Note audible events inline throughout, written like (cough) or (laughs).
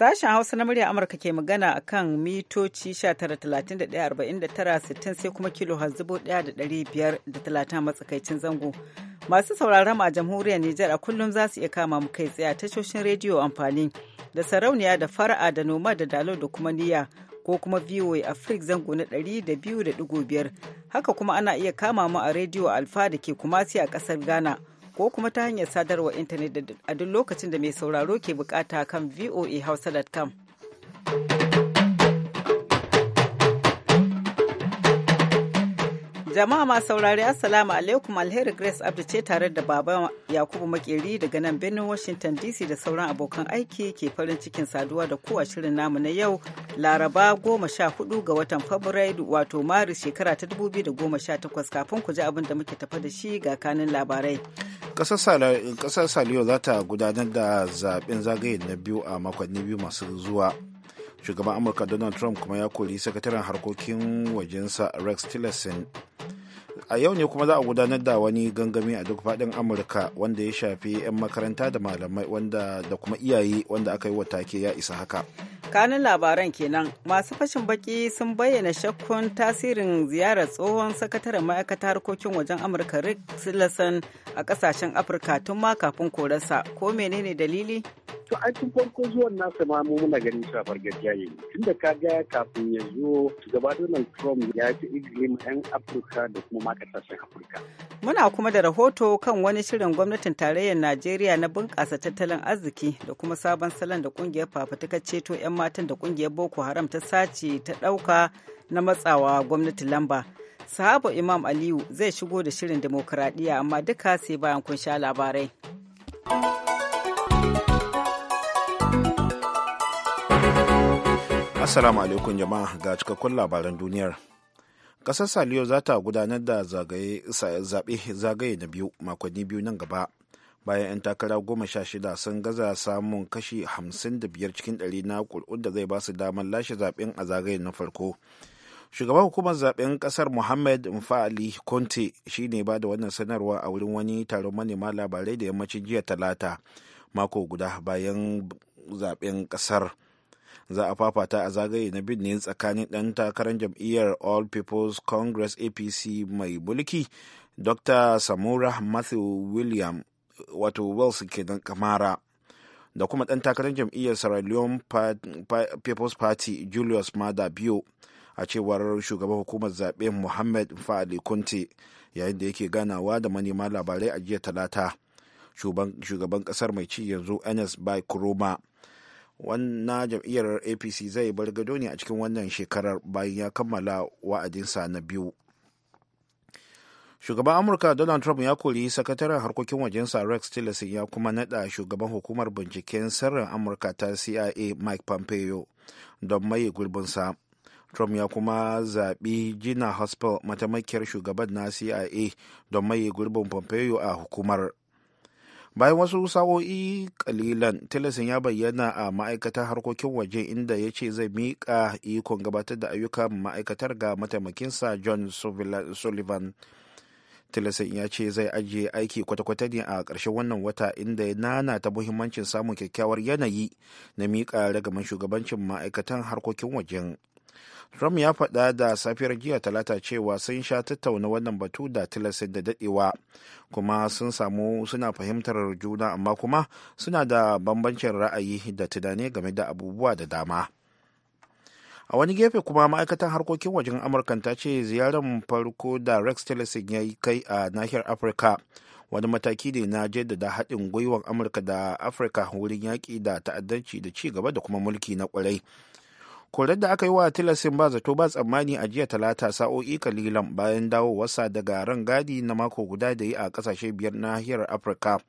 Sashen Hausa na murya Amurka ke magana a kan mitoci sittin sai kuma kilo zubo 1,530 matsakaicin zango. Masu sauraron a jamhuriyar Nijar a kullum za su iya kama mu kai tsaye a tashoshin rediyo amfani da sarauniya da fara'a da noma da dalo da kuma niyya ko kuma VOA Africa zango na 200.5. Haka kuma ana iya kama mu a rediyo Alfa da ke kumasi a kasar Ghana. ko kuma ta hanyar sadarwa intanet a duk lokacin da mai sauraro ke bukata kan voahausa.com. Jama'a ma saurari Assalamu alaikum alheri Grace Abdu ce tare da Baba Yakubu Makeri daga nan birnin Washington DC da sauran abokan aiki ke farin cikin saduwa da kowa shirin namu na yau Laraba goma sha hudu ga watan Fabrairu wato Maris shekara ta dubu biyu da goma sha takwas kafin ku ji abin da muke tafa da shi ga kanin labarai. Kasar Saliyo za ta gudanar da zaben zagaye na biyu a makonni biyu masu zuwa shugaban amurka donald trump kuma ya kori sakataren harkokin wajensa rex tillerson a yau ne kuma za a gudanar da wani gangami a duk faɗin amurka wanda ya shafi 'yan makaranta da malamai wanda da kuma iyaye wanda aka yi wa take ya isa haka kanin labaran kenan masu fashin baki sun bayyana shakkun tasirin ziyarar tsohon sakataren ma'aikata harkokin wajen amurka rick tillerson a kasashen afirka tun ma kafin korarsa ko menene dalili to a cikin farko zuwan nasa ma mu muna ganin cewa fargajiya ne tun da ka ga kafin ya zo shugaba donald trump ya ci izinin yan afirka da kuma ma kasashen afirka muna kuma da rahoto kan wani shirin gwamnatin tarayyar najeriya na bunƙasa tattalin arziki da kuma sabon salon da kungiyar fafutukar ceto 'yan matan da kungiyar boko haram ta sace ta ɗauka na matsawa gwamnati lamba sahaba imam aliyu zai shigo da shirin demokuraɗiyya amma duka sai bayan kun sha labarai assalamu alaikum jama'a ga cikakkun labaran duniyar ƙasar saliyo za ta gudanar da zagaye zagaye na biyu makonni biyu nan gaba bayan 'yan takara goma sha shida sun gaza samun kashi hamsin da biyar cikin ɗari na ƙuri'un da zai ba su damar lashe zaɓen a zagaye na farko shugaban hukumar zaɓen ƙasar muhammad mfa'ali conte shine ne ba da wannan sanarwa a wurin wani taron manema labarai da yammacin jiya talata mako guda bayan zaɓen ƙasar za a fafata a zagaye na bin ne tsakanin ɗan takarar jam'iyyar all people's congress apc mai mulki dr samura matthew william wato wells kenan kamara da kuma ɗan takarar jam'iyyar sierra leone people's party julius mada biyo a cewar shugaban hukumar zaɓe muhammad fa'ali kunte yayin da yake ganawa da manema labarai a jiya talata shugaban ƙasar mai ci yanzu ns by kuroma wannan jam'iyyar apc zai bar gado ne a cikin wannan shekarar bayan ya kammala wa'adinsa na biyu shugaban amurka donald trump ya kori sakataren harkokin wajen sa rex tillerson ya kuma nada shugaban hukumar binciken sirrin amurka ta cia mike pompeo don maye gurbinsa trump ya kuma zaɓi gina hospital matamakiyar shugaban na cia don maye gurbin pompeo a hukumar bayan wasu sa'o'i kalilan tillerson ya bayyana a ma'aikatar harkokin waje inda ya ce zai miƙa ikon gabatar da ayyukan ma'aikatar ga mataimakinsa john sullivan tilasin ya ce zai ajiye aiki kwata-kwata ne a ƙarshen wannan wata inda ya nana ta muhimmancin samun kyakkyawar yanayi na miƙa ragaman shugabancin ma'aikatan harkokin wajen trump ya faɗa da safiyar jiya talata cewa sun sha tattauna wannan batu da tilasin da daɗewa kuma sun samu suna fahimtar juna amma kuma suna da bambancin ra'ayi da tunani game da abubuwa da dama a wani gefe kuma ma'aikatan harkokin wajen amurka ta ce ziyarar farko da rex tillerson ya yi kai a nahiyar afirka wani mataki ne na jaddada haɗin gwiwar amurka da afirka wurin yaƙi da ta'addanci da ci gaba da kuma mulki na kwarai. korar da aka yi wa tilasin ba zato ba tsammani a jiya talata sa'o'i kalilan bayan dawo wasa daga rangadi na mako guda da yi a kasashe biyar nahiyar afirka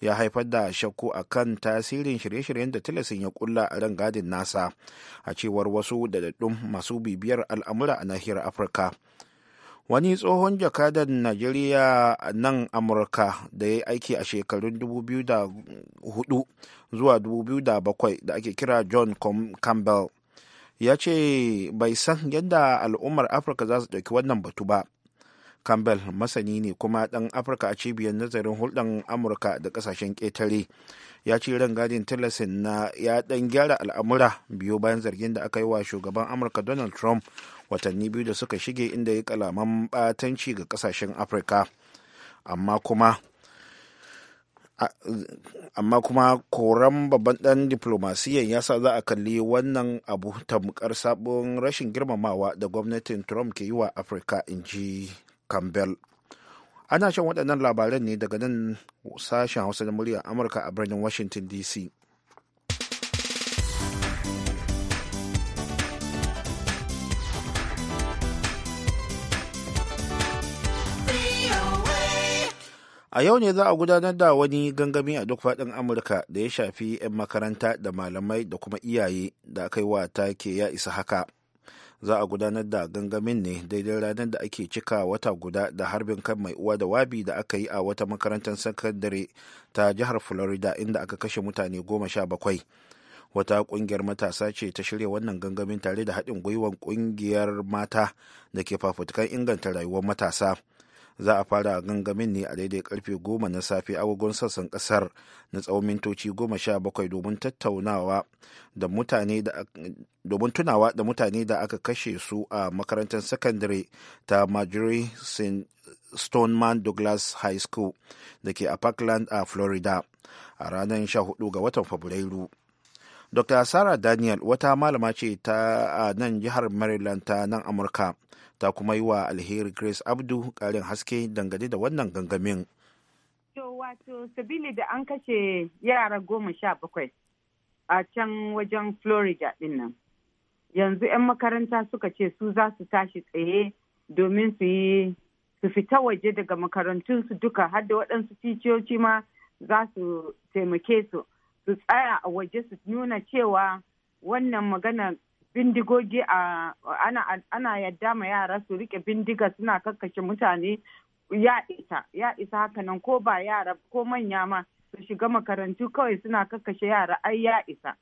ya haifar da shakku a kan tasirin shirye-shiryen da tilasin ya kulla a rangadin nasa a cewar wasu dadaddun masu bibiyar al'amura a nahiyar afirka wani tsohon jakadan najeriya nan amurka da ya aiki a shekarun 2004 zuwa 2007 da ake kira john campbell ya ce bai san yadda al'ummar afirka za su ɗauki wannan batu ba campbell masani ne kuma ɗan afirka a cibiyar nazarin hulɗan amurka da ƙasashen ƙetare ya ce rangadin tillerson na ya ɗan gyara al'amura biyu bayan zargin da aka yi wa shugaban amurka donald trump watanni biyu da suka shige inda ya yi kalaman ɓatanci ga ƙasashen afirka amma kuma amma kuma koran babban dan diplomasiyan ya sa za a kalli wannan abu tamkar sabon rashin girmamawa da gwamnatin trump ke yi wa afirka in ji campbell ana shan waɗannan labaran ne daga nan sashen hausa da muryar amurka a birnin washington dc a yau ne za a gudanar da wani gangami a duk faɗin amurka da ya shafi 'yan makaranta da malamai da kuma iyaye da aka yi wa take ya isa haka za a gudanar da gangamin ne daidai ranar da ake cika wata guda da harbin kan mai uwa da wabi da aka yi a wata makarantar sakandare ta jihar florida inda aka kashe mutane goma sha bakwai wata kungiyar matasa ce ta shirya wannan gangamin tare da haɗin gwiwar kungiyar mata da ke fafutukan inganta rayuwar matasa za a fara gangamin ne a daidai karfe goma na safe agogon sassan kasar na tsawon mintoci goma sha bakwai domin tattaunawa domin tunawa da mutane da aka kashe su a makarantar sakandare ta marjorie st stoneman douglas high school da ke a parkland a florida a ranar 14 ga watan fabrairu dr sarah daniel wata malama ce ta a nan jihar maryland ta nan amurka ta kuma yi wa alheri grace abdu karin haske dangane da wannan gangamin to wato sabili da an kashe yara goma sha bakwai a can wajen florida din yanzu 'yan makaranta suka ce su za su tashi tsaye domin su yi su fita waje daga makarantunsu duka har da waɗansu ticiyoci ma za su taimake su su tsaya a waje su nuna cewa wannan magana bindigogi a ana yadda ma yara su rike bindiga suna kakkashe mutane ya isa ya isa haka nan ko ba yara ko manya ma su shiga makarantu kawai suna kakkashe yara ai ya isa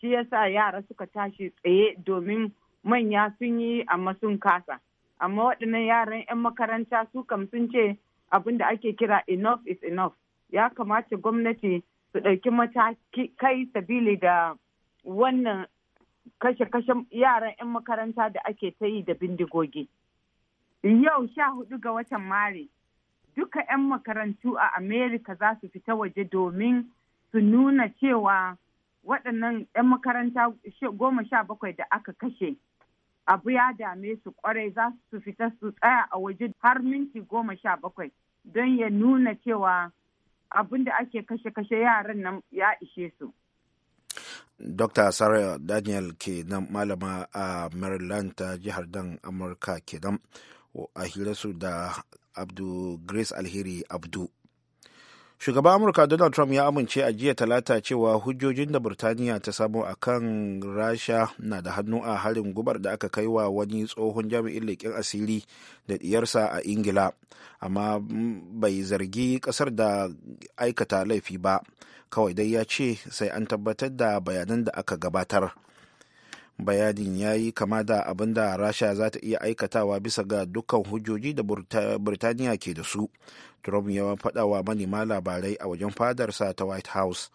shi yasa yara suka tashi tsaye domin manya sun yi amma sun kasa amma waɗannan yaran 'yan makaranta su kam sun ce abin da ake kira enough is enough ya kamata gwamnati su ɗauki mataki kai sabili da wannan kashe kashe yaran 'yan makaranta da ake ta yi da bindigogi. Yau sha hudu ga watan Maris, duka 'yan makarantu a Amerika za su fita waje domin su nuna cewa waɗannan 'yan makaranta goma sha bakwai da aka kashe. Abu ya dame su kwarai za su fita su tsaya a waje har minti goma sha bakwai don ya nuna cewa abin da ake kashe-kashe yaran nan ya ishe su. dr sarah daniel kenan malama a maryland ta jihar dan amurka kenan a hirarsu da abdu grace alheri abdu shugaban amurka donald trump ya amince a jiya talata cewa hujjojin da burtaniya ta samu a kan rasha na da hannu a harin gubar da aka kai wa wani tsohon jami'in leƙen asiri da ɗiyarsa a ingila amma bai zargi ƙasar da aikata laifi ba kawai dai ya ce sai an tabbatar da bayanan da aka gabatar bayanin ya yi kama da abin da rasha za ta iya aikatawa bisa ga dukkan hujjoji da burtaniya ke da su trump ya faɗa wa manema labarai a wajen fadarsa ta white house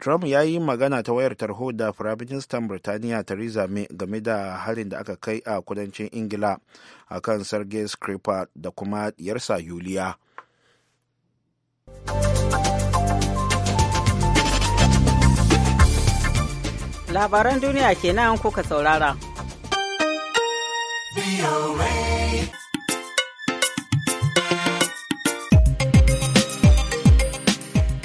trump ya yi magana ta wayar tarho da firaministan birtaniya theresa may game da harin da aka kai a kudancin ingila akan sergei skripal da kuma diyarsa yuliya Labaran duniya kenan kuka saurara.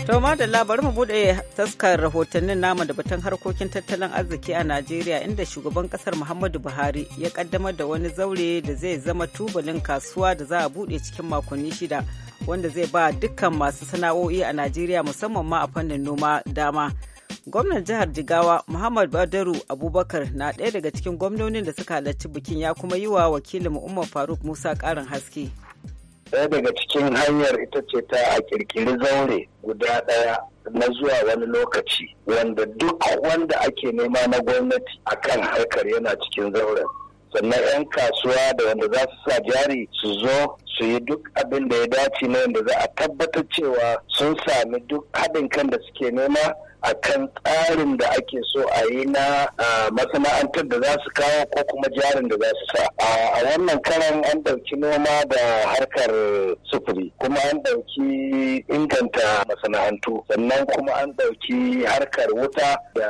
Toma da labarin mu bude taskar rahotannin namu da batun harkokin tattalin arziki a Najeriya inda shugaban kasar Muhammadu Buhari ya kaddamar da wani zaure da zai zama tubalin kasuwa da za a bude cikin makonni shida wanda zai ba dukkan masu sana'o'i a Najeriya musamman ma a fannin noma dama. gwamnan jihar jigawa muhammad badaru abubakar na ɗaya daga cikin gwamnonin da suka halarci bikin ya kuma yi wa wakilin umar faruk musa ƙarin haske ɗaya daga cikin hanyar ita ce ta a kirkiri zaure guda ɗaya na zuwa wani lokaci wanda duk wanda ake nema na gwamnati a kan harkar yana cikin zauren sannan 'yan kasuwa da wanda za su sa jari su zo su yi duk abin da ya dace na wanda za a tabbatar cewa sun sami duk haɗin kan da suke nema a kan tsarin da ake so a yi na masana'antar da za su kawo ko kuma jarin da za su sa a wannan karan an ɗauki noma da harkar sufuri kuma an ɗauki inganta masana'antu sannan kuma an ɗauki harkar wuta da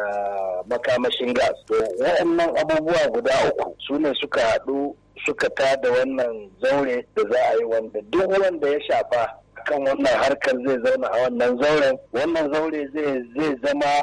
makamashin gas waɗannan abubuwa guda uku su ne suka haɗu suka tada wannan zaure da za a yi wanda duk wanda ya shafa kan wannan harkar zai zauna a wannan zauren wannan zaure zai zama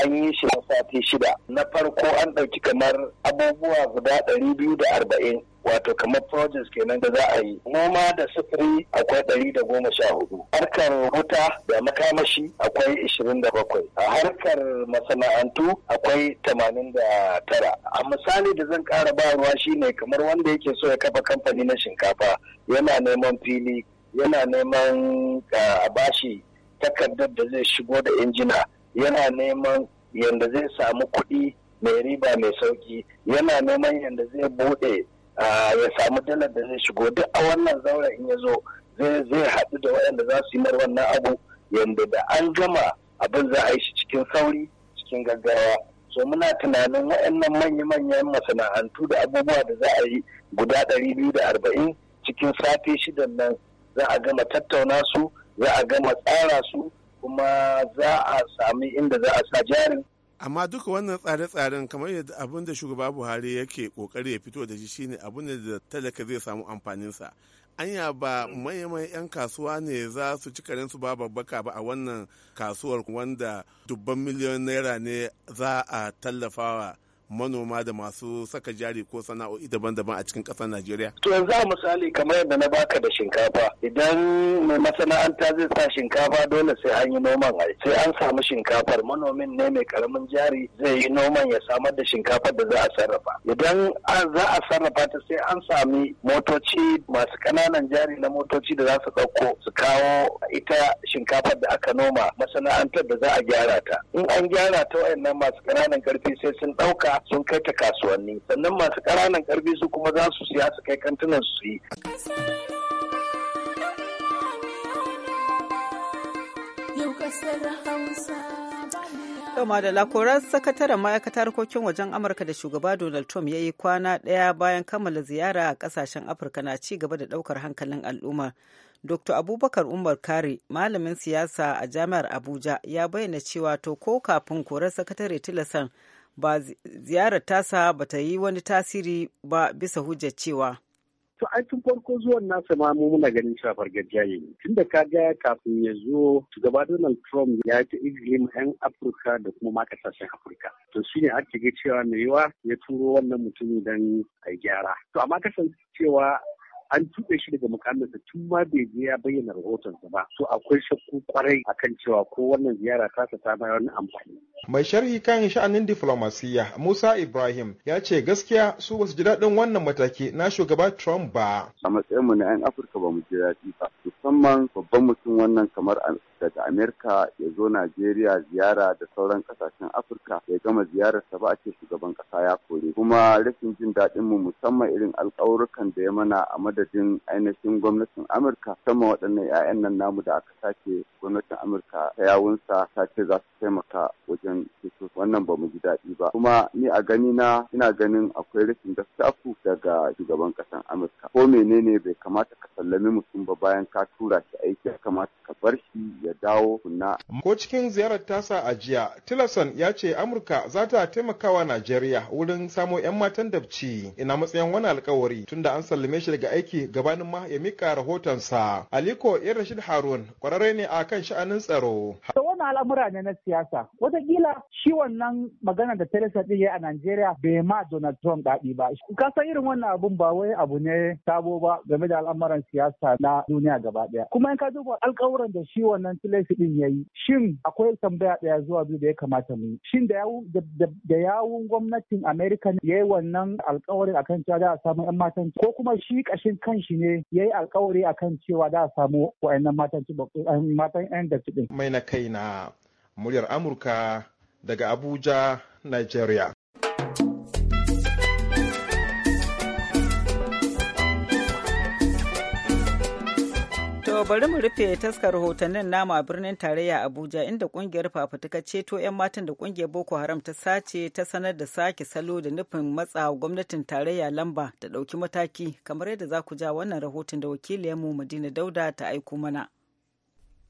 an yi shi na sati shida na farko an ɗauki kamar abubuwa guda ɗari biyu da arba'in wato kamar projects kenan da za a yi noma da sufuri akwai ɗari da goma sha hudu harkar wuta da makamashi akwai ishirin da bakwai a harkar masana'antu akwai tamanin da tara a misali da zan ƙara bayarwa shine kamar wanda yake so ya kafa kamfani na shinkafa yana neman fili yana neman eh, a bashi takardar da zai shigo da injina yana neman yadda zai samu kuɗi mai riba mai sauki yana neman yadda zai buɗe eh, ya samu dalar da zai shigo duk a wannan zauren in ya zo zai haɗu da waɗanda za su yi mar wannan abu yadda da an gama abin za a yi shi cikin sauri cikin gaggawa so muna tunanin waɗannan manya-manyan masana'antu da abubuwa da za a yi guda ɗari biyu da arba'in cikin sati shidan nan za a gama tattauna su za a gama tsara su kuma za a sami inda za a sa jarin amma duka wannan tsare-tsaren kamar yadda abin da shugaba buhari yake kokari ya fito da shi shine abin da talaka zai samu amfaninsa anya ba mayan 'yan kasuwa ne za su ci su ba babbaka ba a wannan kasuwar wanda dubban miliyon naira ne za a tallafawa manoma da masu saka jari ko sana'o'i daban-daban a cikin ƙasar Najeriya? To yanzu a misali kamar yadda na baka da shinkafa idan mai masana'anta zai sa shinkafa dole sai an yi noman sai an samu shinkafar manomin ne mai karamin jari zai yi noman ya samar da shinkafar da za a sarrafa. Idan za a sarrafa ta sai an sami motoci masu ƙananan jari na motoci da za su ɗauko su kawo ita shinkafar da aka noma masana'antar da za a gyara ta. In an gyara ta wayannan masu ƙananan ƙarfi sai sun ɗauka sun kai ta kasuwanni sannan masu ƙananan ƙarfi su kuma za su siya su kai kantunan su yi. Yau da lakoran sakataren ma'aikatar harkokin wajen Amurka da shugaba Donald Trump ya yi kwana ɗaya bayan kammala ziyara a ƙasashen Afirka na ci gaba da ɗaukar hankalin al'umma. Dr. Abubakar Umar kari malamin siyasa a Jami'ar Abuja, ya bayyana cewa to ko kafin korar sakatare tilasan ba ziyarar tasa ba ta yi wani tasiri ba bisa hujjar cewa to ai tun farko zuwan nasa ma mu muna ganin cewa fargajiya ne tunda ka ga kafin ya zo shugaba Donald Trump ya ta izinin yan Afirka da kuma ma kasashen Afirka to shine ake ga cewa mai yawa ya turo wannan mutumin dan a gyara to amma cewa an tuɓe shi daga mukamansa tun ma bai je ya bayyana rahotonsa ba To akwai shakku kwarai akan cewa ko wannan ziyara ta ta bayar wani amfani Mai sharhi kan sha'anin diflomasiyya Musa Ibrahim ya ce gaskiya su basu ji daɗin wannan mataki na shugaba Trump ba. A matsayinmu na 'yan Afirka ba mu ji daɗi ba, musamman babban mutum wannan kamar daga Amerika ya zo Najeriya ziyara da sauran kasashen Afirka ya gama ziyararsa ba a ce shugaban kasa ya kore. Kuma rashin jin daɗin mu musamman irin alƙawurukan da ya mana a madadin ainihin gwamnatin Amurka musamman waɗannan 'ya'yan nan namu da aka sace gwamnatin Amurka ta yawunsa ta ce za su taimaka wajen mutanen wannan ba mu ji daɗi ba kuma ni a gani na ina ganin akwai rashin gaskiya daga shugaban ƙasar Amurka ko menene bai kamata ka sallami mutum ba bayan ka tura shi aiki ya kamata ka bar shi ya dawo kunna. Ko cikin ziyarar tasa a jiya Tillerson ya ce Amurka za ta taimakawa Najeriya wurin samo 'yan matan dabci ina matsayin wani alkawari tunda an sallame shi daga aiki gabanin ma ya mika rahotonsa. Aliko Rashid, Harun kwararre ne a kan sha'anin tsaro. wannan al'amura ne na siyasa wataƙila shi wannan magana da Theresa ɗin ya a Najeriya bai ma Donald Trump daɗi ba ka san irin wannan abun ba wai abu ne sabo ba game da al'amuran siyasa na duniya gaba ɗaya kuma in ka duba alƙawuran da shi wannan Theresa ɗin ya yi shin akwai tambaya ɗaya zuwa biyu da ya kamata mu yi shin da yawun gwamnatin Amerika ya yi wannan alƙawarin akan cewa za a samu 'yan matan ko kuma shi ƙashin kanshi ne ya yi alƙawari akan cewa za a samu wa'annan matan matan 'yan da Mai na kaina muryar Amurka daga Abuja, Nigeria. To bari mu rufe taskar rahotannin nama a birnin tarayya Abuja inda kungiyar fafutuka ceto 'yan matan da kungiyar Boko Haram ta sace ta sanar da sake salo da nufin matsa gwamnatin tarayya lamba da ɗauki mataki kamar yadda za ku ja wannan rahoton da wakiliyarmu Madina Dauda ta aiko mana.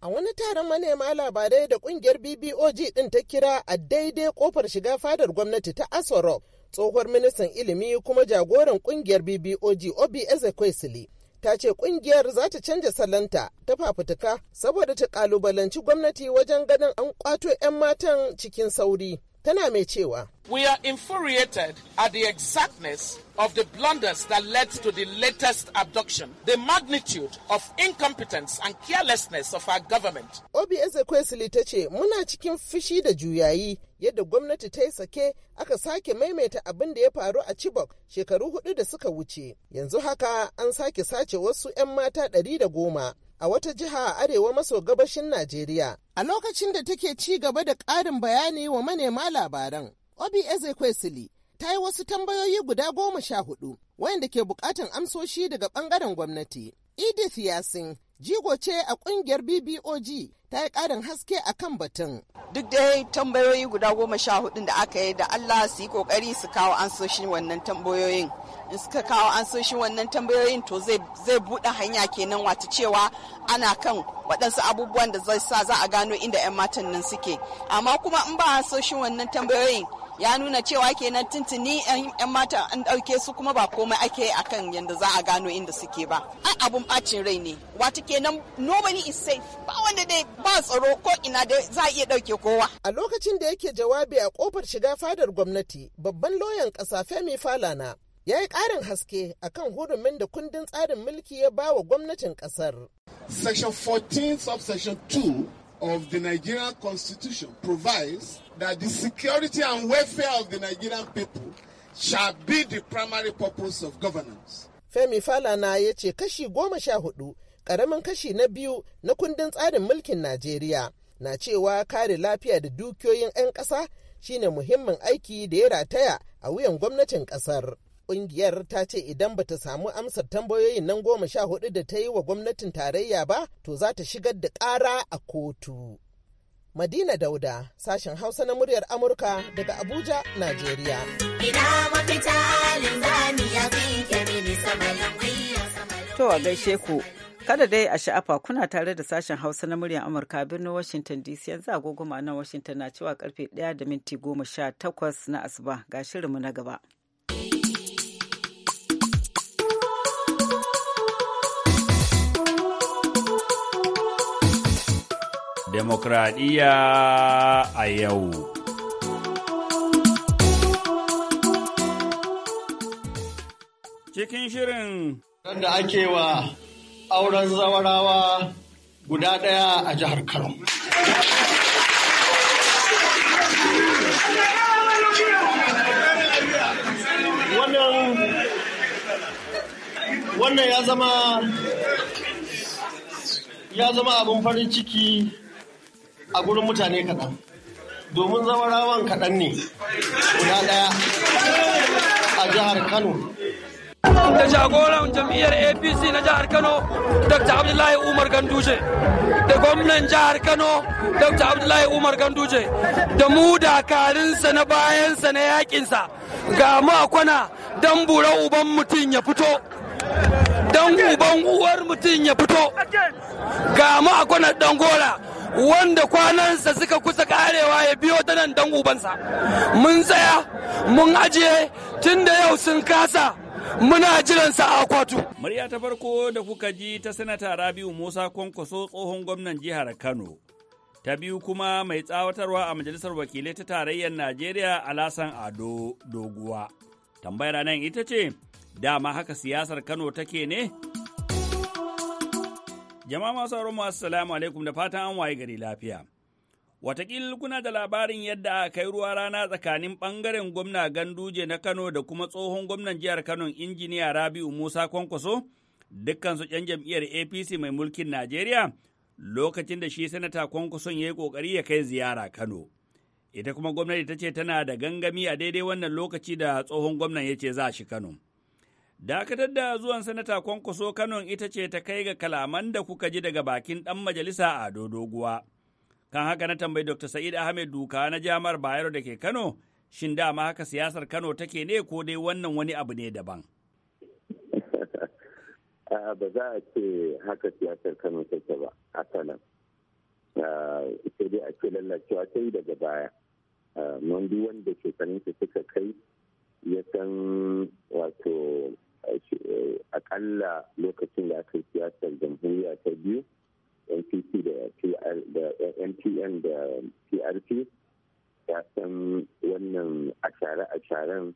A wani taron manema labarai da kungiyar BBOG ɗin ta kira a daidai kofar shiga fadar gwamnati ta Asorok, tsohuwar ministan ilimi kuma jagoran kungiyar BBOG Obi Ezekwesili. Ta ce kungiyar za ta canja salanta ta fafutuka saboda ta kalubalanci gwamnati wajen ganin an kwato 'yan matan cikin sauri. tana mai cewa We are infuriated at the exactness of the blunders that led to the latest abduction, the magnitude of incompetence and carelessness of our government. Obi Ezekwesili ta ce muna cikin fushi da juyayi yadda gwamnati ta yi sake aka sake maimaita abin da ya faru a Chibok shekaru hudu da suka wuce. Yanzu haka an sake sace wasu 'yan mata ɗari da goma a wata jiha a arewa maso gabashin Najeriya. A lokacin da take ci gaba da ƙarin bayani wa manema labaran, Obi Ezekwesili ta yi wasu tambayoyi guda goma sha hudu wayanda ke buƙatan amsoshi daga ɓangaren gwamnati. Edith Yasin jigo ce a kungiyar BBOG ta yi karin haske a kan batun. Duk dai tambayoyi guda goma sha hudun da aka yi da Allah su yi ƙoƙari su kawo ansoshin wannan tambayoyin. In suka kawo ansoshin wannan tambayoyin to zai buɗe hanya kenan wata cewa ana kan waɗansu abubuwan da zai sa za a gano inda 'yan matan nan suke. Amma kuma in ba ansoshin wannan tambayoyin ya nuna cewa kenan tuntuni 'yan mata an ɗauke su kuma ba komai ake a kan yadda za a gano inda suke ba ai abun bacin rai ne wata kenan nobody is safe ba wanda dai ba tsaro ko ina da za a iya ɗauke kowa a lokacin da yake jawabi a kofar shiga fadar gwamnati babban loyan ƙasa femi falana ya yi ƙarin haske akan hurumin da kundin tsarin mulki ya ba wa gwamnatin ƙasar. Section 14 subsection 2 of the Nigerian Constitution provides that the security and welfare of the Nigerian people shall be the primary purpose of governance. Femi Falana ya ce kashi goma sha hudu, ƙaramin kashi na biyu na kundin tsarin mulkin Najeriya na cewa kare lafiya da dukiyoyin 'yan ƙasa shine muhimmin aiki da ya rataya a wuyan gwamnatin ƙasar. Ƙungiyar ta ce idan ba ta samu amsar tambayoyin nan goma sha hudu da ta yi wa gwamnatin tarayya ba, to za ta shigar da ƙara a kotu. Madina Dauda, sashen Hausa na muryar Amurka daga Abuja, Najeriya. Ina To a gaishe ku, kada dai a sha'afa kuna tare da sashen Hausa na muryar Amurka birnin Washington DC yanzu agogo mana Washington na cewa karfe 1 da minti goma sha takwas na asuba ga shirinmu na gaba. demokradiyya a yau. Cikin shirin Wanda ake wa auren zawarawa guda ɗaya a jihar Kano. Wannan ya zama abin farin ciki a gurin mutane kaɗan domin zama rawan kaɗan ne guda ɗaya a jihar kano da jagoran jam'iyyar apc na jihar kano dr abdullahi umar ganduje da gwamnan jihar kano dr abdullahi umar ganduje da mu dakarinsa na bayansa na yakinsa ga makwana don bura uban mutum ya fito don uban uwar mutum ya fito ga makwana dangora wanda kwanansa suka kusa karewa ya biyo ta nan dan ubansa mun tsaya mun ajiye tun da yau sun kasa muna jiran sa a kwatu. Murya ta farko da kuka ji ta sanata Rabiu Musa Kwankwaso tsohon gwamnan jihar Kano. Ta biyu kuma mai tsawatarwa a majalisar wakilai ta tarayyar Najeriya Alasan Ado Doguwa. Tambayar nan ita ce, dama haka siyasar Kano take ne? Jama'a masu sauran masu salamu alaikum da fatan an waye gari lafiya. Wataƙil kuna da labarin yadda aka kai ruwa rana tsakanin ɓangaren gwamna Ganduje na Kano da kuma tsohon gwamnan jihar Kano injiniya Rabi'u Musa Kwankwaso, dukkansu ‘yan jam'iyyar APC mai mulkin Najeriya, lokacin da shi sanata Kwankwason ya yi ƙoƙari ya kai ziyara Kano. Ita kuma gwamnati ta ce tana da gangami a daidai wannan lokaci da tsohon gwamnan ya ce za shi Kano. Dakatar da zuwan Sanata Kwankwaso Kanon ita ce ta kai ga kalaman da kuka ji daga bakin ɗan majalisa a Dodoguwa. Kan haka na tambayi Dr. Sa'id Ahmed Duka na Jami'ar Bayero da ke Kano, shin dama haka siyasar Kano take ne ko dai wannan wani abu ne daban? (laughs) Ah, ba za a ce haka siyasar Kano take ba, a asalan. Ah, sai dai a ce lallacewa ta yi daga baya. Ah, mun duk wanda shekarunsa suka kai ya san wato Eh, akalla lokacin da aka yi siyasar jamhuriya ta biyu npc da mpn da prp ya san wannan ashare-asharen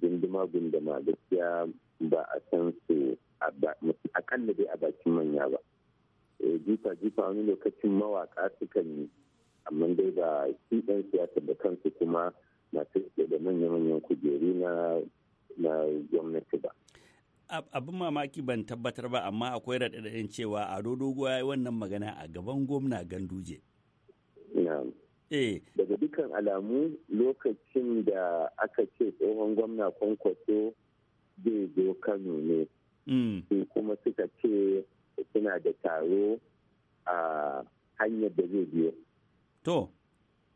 gunduma-gunduma gaskiya ba a san su akalla dai a bakin manya ba eh, jifa-jifa wani lokacin mawaka sukan yi amma dai ba shi ɗan siyasa da kansu kuma masu da manya-manyan kujeru na na gwamnati ba. abin mamaki ban tabbatar ba amma akwai raɗaɗin cewa a dogo ya yi wannan magana a gaban gwamna ganduje. Eh. Daga dukkan alamu lokacin da aka ce tsohon gwamna kwankwaso zai zo Kano ne. Mm. Sai kuma suka ce suna da taro a hanyar da zai biyo. To.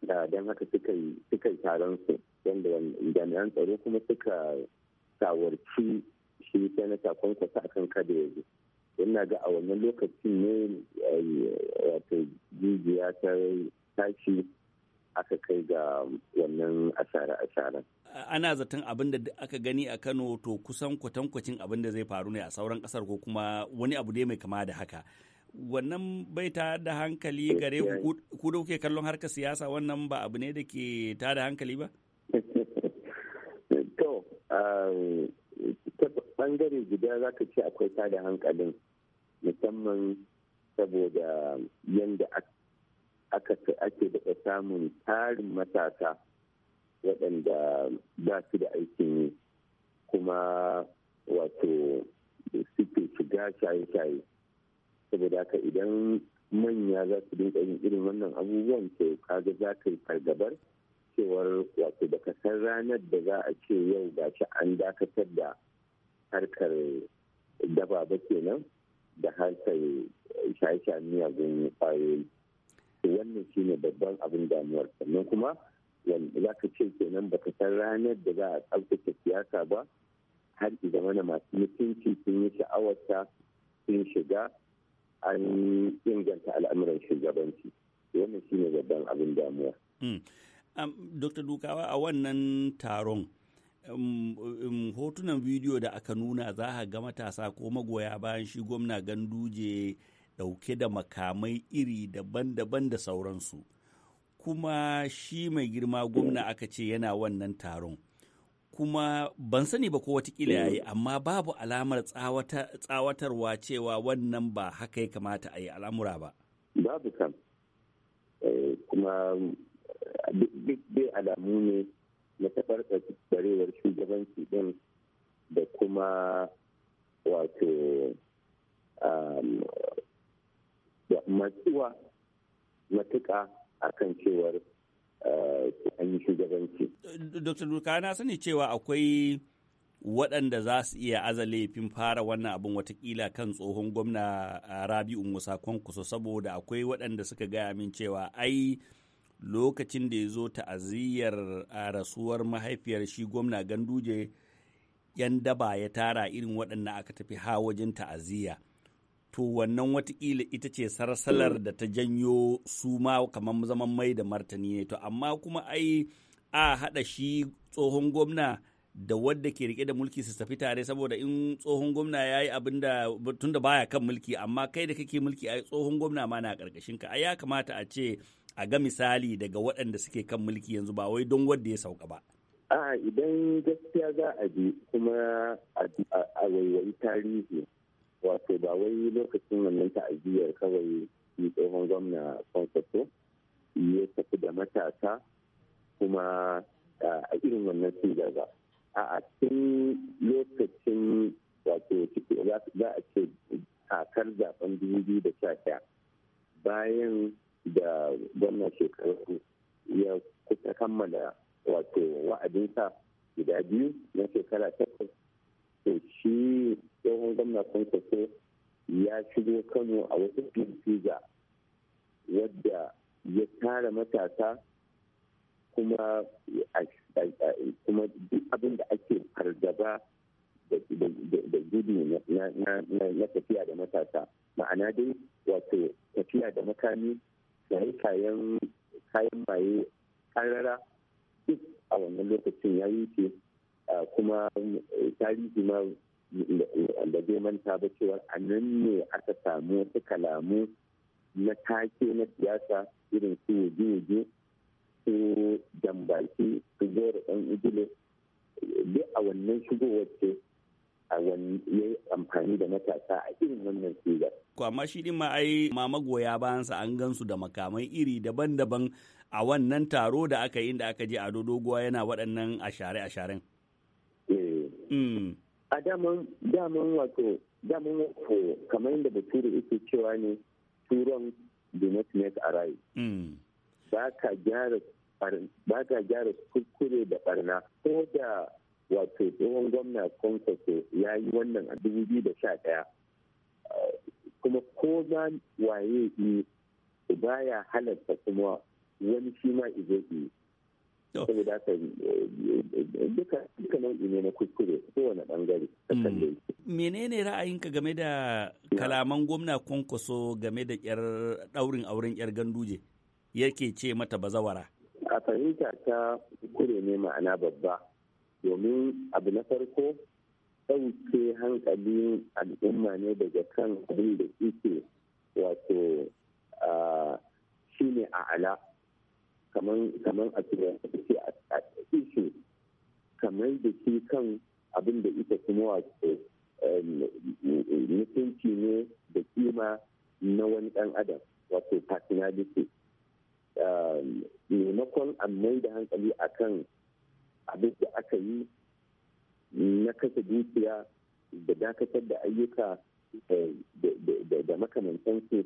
Don haka suka yi taron su, wanda jami'an tsaro kuma suka shawarci shi sanata kwankwasa akan kada ya zo yana ga a wannan lokacin ne eh, wato jijiya ta tashi aka kai ga wannan ashara. Ana zaton abin da aka gani a Kano to kusan kwatankwacin abin da zai faru ne a sauran kasar ko kuma wani abu dai mai kama da haka. Wannan bai ta da hankali gare ku da kuke kallon harkar siyasa wannan ba abu ne da ke ta da hankali ba? ta bangare guda za ka ce akwai tada hankalin musamman saboda yadda ake da samun tarin matasa waɗanda ba su da aikin yi kuma wato suke shiga shaye-shaye saboda haka idan manya za su dinga yin irin wannan abubuwan to kaga za ka yi fargabar cewar wato da kasar ranar da za a ce yau ga shi an dakatar da harkar daba ba kenan da harkar shaisha miyagun kwayoyi wannan shine babban abin damuwar sannan kuma za ka ce kenan ba kasar ranar da za a tsaftace siyasa ba har da mana masu mutunci sun yi sha'awarta sun shiga an inganta al'amuran shugabanci wannan shine babban abin damuwa hmm. um, dr dukawa a wannan taron um, um, hotunan bidiyo da aka nuna za a ga matasa ko magoya bayan shi gwamna ganduje dauke da makamai iri daban-daban da sauransu kuma shi mai girma gwamna aka ce yana wannan taron kuma ban sani ba ko watakila ya yi amma babu alamar tsawatarwa cewa wannan ba haka ya kamata a yi al'amura ba. Babu kan eh, kuma duk dai alamu ne na tabarta barewar shugabanci din da kuma wato um, matsuwa matuƙa a kan cewar uh, shugabanci. Dr. Duka na sani cewa akwai waɗanda za su iya aza laifin fara wannan abin watakila kan tsohon gwamna uh, Rabi'u Musa Kwankwaso saboda akwai waɗanda suka gaya min cewa ai lokacin da ya zo ta'aziyyar a rasuwar mahaifiyar shi gwamna ganduje yan daba ya tara irin waɗannan aka tafi ha wajen ta'aziyya to wannan watakila ita ce sarsalar da ta janyo su ma kamar zaman mai da martani ne to amma kuma ai a haɗa shi tsohon gwamna da wadda ke rike da mulki su tafi tare saboda in tsohon gwamna ya yi abin da tun da baya kan mulki amma kai da kake mulki a tsohon gwamna ma na karkashin ka ai ya kamata a ce a ga misali daga waɗanda suke kan mulki yanzu ba wai don wanda ya sauka ba. A idan gaskiya za a je kuma a waiwayi tarihi wato ba wai lokacin wannan ta'aziyar kawai yi tsohon gwamna Fonsato ya tafi da matasa kuma a irin wannan sigar ba. A cikin lokacin wato za a ce kakar zaben 2011 bayan da gwamna shekaru ya kusa kammala wato wa'adinsa guda biyu na shekara takwas to shi tsohon gwamna kwankwaso ya shigo kano a wasu figa wadda ya tara matasa kuma kuma duk abin da ake fargaba da gudu na tafiya da matasa ma'ana dai wato tafiya da makami da shayen kayan maye karara duk a wannan lokacin ya yi ce kuma eh, tarihi ma da zai manta ba cewa a nan ne aka samu wasu kalamu na take na siyasa irin su waje-waje su dambaki su gora yan igile duk a wannan shigowar ce a wani ya amfani da matasa a irin wannan shigar. amma shi din ma ai ma magoya bayansa an gansu da makamai iri daban-daban a wannan taro da aka yi inda aka je a doguwa yana waɗannan ashare-asharen. Eh. Hmm. A daman daman wato daman wato kamar yadda bature yake cewa ne turon do not make a Ba ka gyara kurkure da barna ko da wato tsohon gwamna kwankwaso ya yi wannan a 2011 kuma ko ma waye yi baya halatta kuma wani shi ma izo yi saboda haka eh, eh, duka duka nau'i ne na kuskure kowane bangare hmm. menene ra'ayinka game da kalaman gwamna kwankwaso game da yar daurin auren yar ganduje yake ce mata bazawara a fahimta ta kure ne ma'ana babba domin abu na farko ɗauke hankalin al'umma ne daga kan abin da suke wato shi ne a ala kamar a ce a ishe kamar da shi kan abin da ita kuma wato mutunci ne da kima na wani ɗan adam wato personality maimakon a mai da hankali akan abin da aka yi na kasa dukiya da dakatar da ayyuka eh, da makamantansu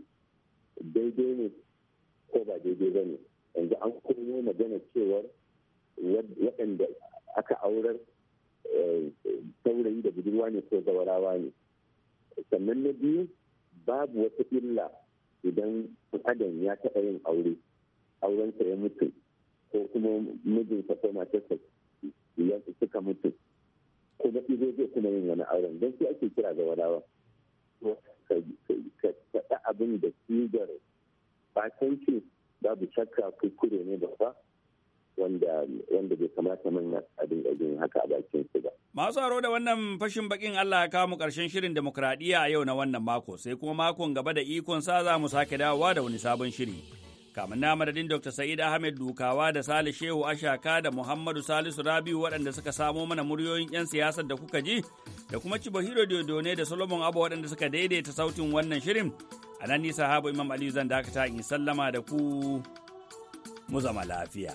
daidai ne ko ba daidai ba ne yanzu an koyo magana cewar waɗanda aka aurar eh, saurayi da budurwa ne ko zawarawa ne sannan na biyu babu wata illa idan adam ya taɓa yin aure aurensa ya mutu ko kuma mijinsa ko matarsa suka mutu kuma izo zai kuma yin wani auren don shi ake kira ga wadawa ka faɗa abin da sigar batanci babu shakka kuskure ne da wanda wanda bai kamata manya abin dinga jin haka a bakin su ba. Masu aro da wannan fashin bakin Allah ya kawo mu karshen shirin demokradiyya a yau na wannan mako sai kuma makon gaba da ikon sa za mu sake dawowa da wani sabon shiri. kamar na madadin Dr. Sa'id Ahmed Dukawa da Sale Shehu Ashaka da Muhammadu Salisu Rabiu waɗanda suka samo mana muryoyin 'yan siyasar da kuka ji da kuma Cibahiro ne da Solomon Abu waɗanda suka daidaita sautin wannan shirin. A nan nisa habu Imam Ali zan dakata in sallama da ku mu zama lafiya.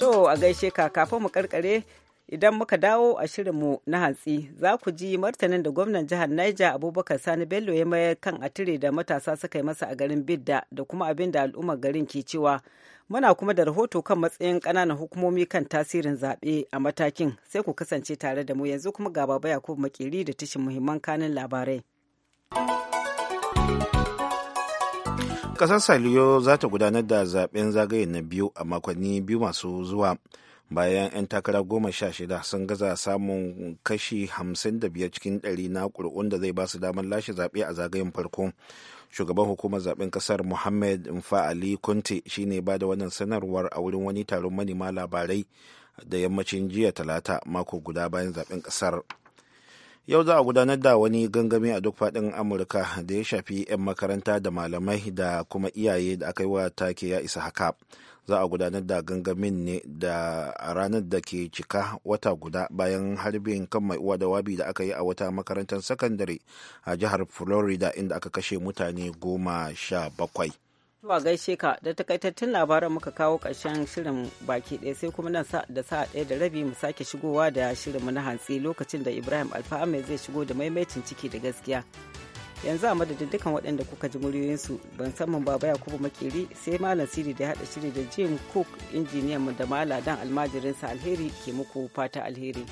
To a gaishe ka kafin mu karkare idan muka dawo a shirinmu na hantsi za ku ji martanin da gwamnan jihar Niger Abubakar Sani Bello ya mayar kan atire da matasa suka yi masa a garin Bidda da kuma abin da al'ummar garin ke cewa muna kuma da rahoto kan matsayin kananan hukumomi kan tasirin zaɓe a matakin sai ku kasance tare da mu yanzu kuma ga baba Yakubu Makeri da tashin muhimman kanin labarai. Ƙasar Saliyo za ta gudanar da zaɓen zagaye na biyu a makonni biyu masu zuwa. bayan 'yan takara goma sha shida sun gaza samun kashi hamsin da biyar cikin ɗari na ƙuri'un da zai basu su damar lashe zaɓe a zagayen farko shugaban hukumar zaɓen ƙasar muhammad nfa ali kunte shine ba da wannan sanarwar a wurin wani taron manema labarai da yammacin jiya talata mako guda bayan zaɓen ƙasar yau za a gudanar da wani gangami a duk faɗin amurka da ya shafi 'yan makaranta da malamai da kuma iyaye da aka yi wa take ya isa haka za a gudanar da gangamin ne da ranar da ke cika wata guda bayan harbin kan mai uwa da wabi da aka yi a wata makarantar sakandare a jihar florida inda aka kashe mutane goma sha bakwai zuwa gaishe ka da takaitattun labaran muka kawo karshen shirin baki ɗaya sai kuma nan da sa ɗaya da rabi mu sake shigowa da shirinmu na hantsi lokacin da ibrahim alfa'ame zai shigo da maimaicin ciki da gaskiya yanzu a madadin dukkan waɗanda kuka ji muryoyinsu ban san saman baba yakubu makeri sai malam siri da haɗa shiri da jim cook injiniyan mu da mala dan almajirinsa alheri ke muku fata alheri.